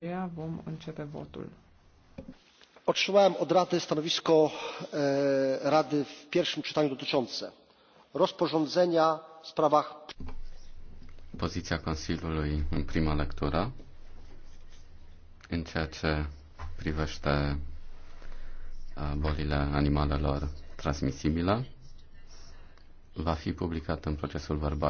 aceea vom începe votul. Otrzymałem od Rady stanowisko Rady w pierwszym czytaniu dotyczące rozporządzenia w sprawach. în prima lectură în ceea ce privește bolile animalelor transmisibile va fi publicat în procesul verbal.